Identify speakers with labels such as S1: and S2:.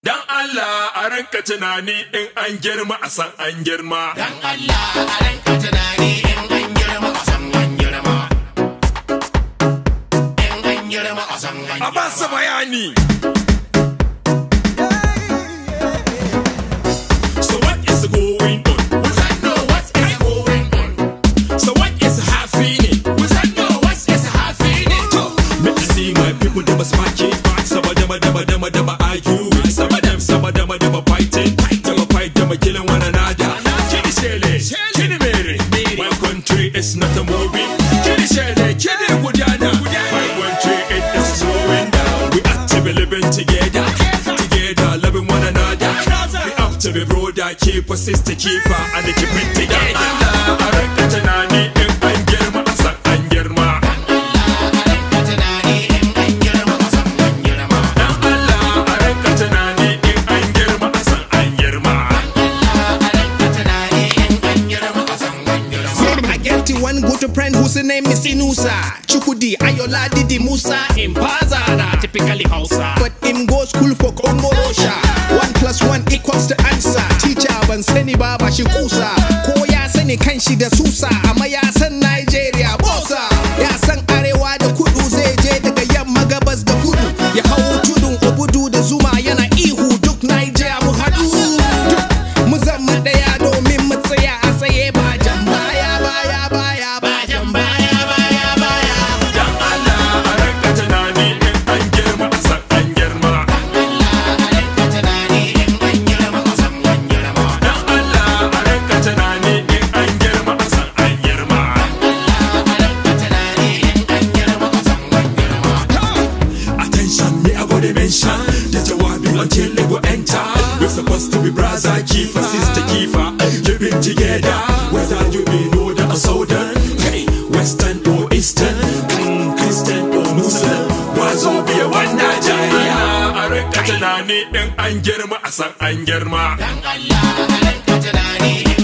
S1: Dan Allah a ranka tunani in an girma a san an girma. Dan Allah a ranka tunani in an girma a san an girma. In an girma a san an girma. A ba bayani. So what is going on? We don't know what is going on. So what is happening? We don't know what is happening. Let me see my people, they must march it back. Some of Chili Chili, Mary. My country is not a movie. Chili Chili, Chili ah. Gudana. My country it is slowing down. We have to be living together, together loving one another. We have to be keep keeper, sister, keeper, and keep it together.
S2: one good friend whose name is Inusa Chukudi, Ayola, Didi, Musa, Impazara Typically Hausa But him go school for Kongorosha One plus one equals the answer Teacher ban sani ba ba shi kusa Ko ya sani kan da susa Amma ya san Nigeria bosa Ya san arewa da kudu zai je daga yamma gabas da kudu Ya hau obudu da zuma yana ihu duk Nigeria mu haɗu Duk mu ɗaya domin mu tsaya
S1: tunani in an girma a san an girma. Dan Allah ka tunani.